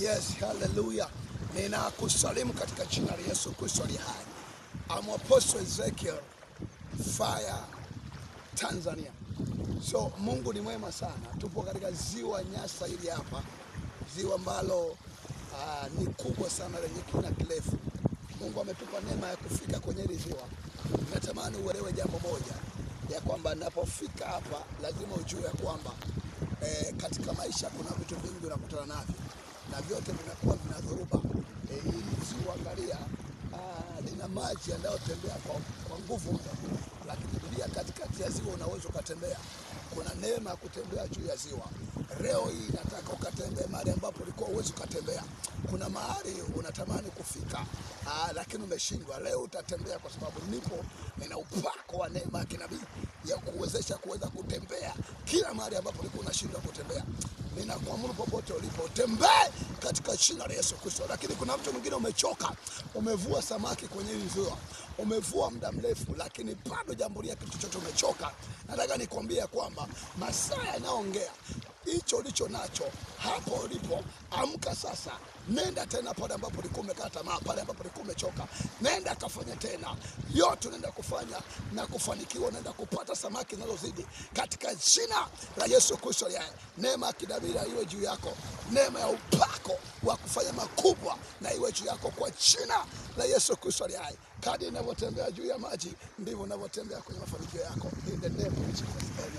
Yes, haleluya. Ninakusalimu katika jina la Yesu Kristo aliye hai. I'm Apostle Ezekiel Fire Tanzania. So Mungu ni mwema sana. Tupo katika ziwa Nyasa hili hapa, ziwa ambalo uh, ni kubwa sana lenye kina kirefu. Mungu ametupa neema ya kufika kwenye hili ziwa. Natamani uelewe jambo moja ya kwamba napofika hapa lazima ujue ya kwamba eh, katika maisha kuna vitu vingi unakutana navyo na vyote vinakuwa vina dhoruba e, ili usikuangalia ah, lina maji yanayotembea kwa nguvu mno, lakini pia katikati ya ziwa unaweza ukatembea. Kuna neema ya kutembea juu ya ziwa. Leo hii nataka ukatembee mahali ambapo ulikuwa uwezi ukatembea. Kuna mahali unatamani kufika aa, ah, lakini umeshindwa. Leo utatembea kwa sababu nipo, nina upako wa neema ya kinabii ya kuwezesha kuweza kutembea kila mahali ambapo ulikuwa unashindwa kutembea kuamuru popote ulipo, tembee katika jina la Yesu Kristo. Lakini kuna mtu mwingine umechoka, umevua samaki kwenye hii ziwa, umevua muda mrefu, lakini bado jambo lia kitu chochote umechoka. Nataka nikwambie kwamba masaa yanaongea hicho ulicho nacho hapo ulipo. Amka sasa, nenda tena pale ambapo ulikuwa umekata tamaa, pale ambapo ulikuwa umechoka, nenda kafanya tena. Yote unaenda kufanya na kufanikiwa, unaenda kupata samaki zinazozidi katika jina la Yesu Kristo. ya neema ya kidabira iwe juu yako, neema ya upako wa kufanya makubwa na iwe juu yako kwa jina la Yesu Kristo aliye Kadi inavyotembea juu ya maji, ndivyo unavyotembea kwenye mafanikio yako. In neema ya Yesu Kristo.